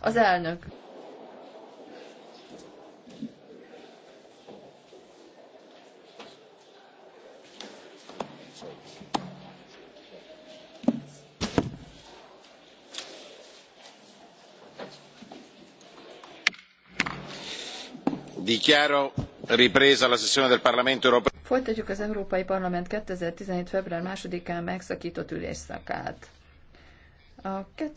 Az elnök. ripresa la sessione del Parlamento europeo. Folytatjuk az Európai Parlament 2017. február 2-án megszakított ülésszakát. A